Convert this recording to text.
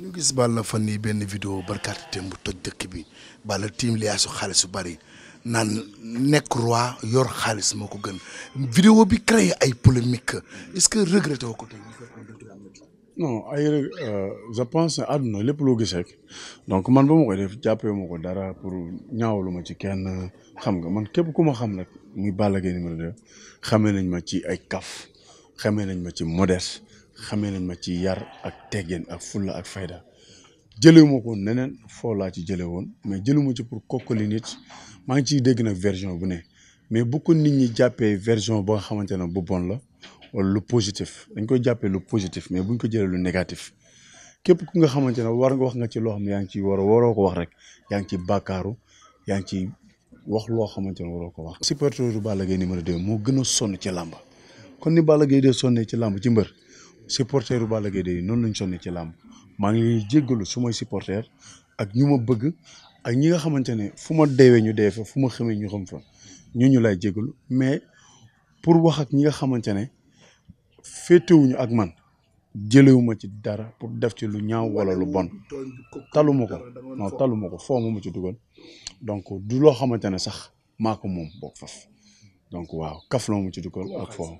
ñu gis na fan ni benn video barkaati temb bu toj dëkk bi Balla tiim liyaasu xaalis yu bari naan nekk roi yor xaalis moo ko gën vidéo bi créé ay polémique est-ce que regretté woo ko tey non ay euh, je pense àdduna lépp loo gis rek donc man ba ma koy def jàppee ma ko dara pour ñaawlu ma ci kenn xam nga man képp ku ma xam nag muy Balla Gaye numéro 2 xamee nañ ma ci ay kaf xamee nañ ma ci modeste xamee leen ma ci yar ak teggeen ak fulla ak fayda jëlee ma ko neneen foo laa ci jëlee woon mais jëluma ci pour kokkali nit maa ngi ciy dégg na version bu ne mais bu ko ni ñi jàppee version ba xamante ne bu bon la wala lu positif dañ koy jàppee lu mais buñ ko jëlee lu négatif képp ku nga xamante ne war nga wax nga ci loo xam ne yaa ngi ci war a waroo ko wax rek yaa ngi ci bàkkaaru yaa ngi ci wax loo xamante ne waroo ko wax supporteru Balla Gaye numéro 2 moo gën a sonn ci làmb kon ni Balla Gaye dee sonnee ci làmb ci mbër supporteru Balla Gaye de noonu lañ sonni ci làmb maa ngi leen jéggalu su supporter ak ñu ma bëgg ak ñi nga xamante ne fu ma deewee ñu dee fa fu ma xamee ñu xam fa ñu ñu lay jéggalu mais pour wax ak ñi nga xamante ne féetewuñu ak man jëlewuma ci dara pour def ci lu ñaaw wala lu bon taluma ko non taluma ko foo ma ci dugal donc du loo xamante ne sax maako moom bokk faf donc waaw kaf loo ma ci dugal ak foo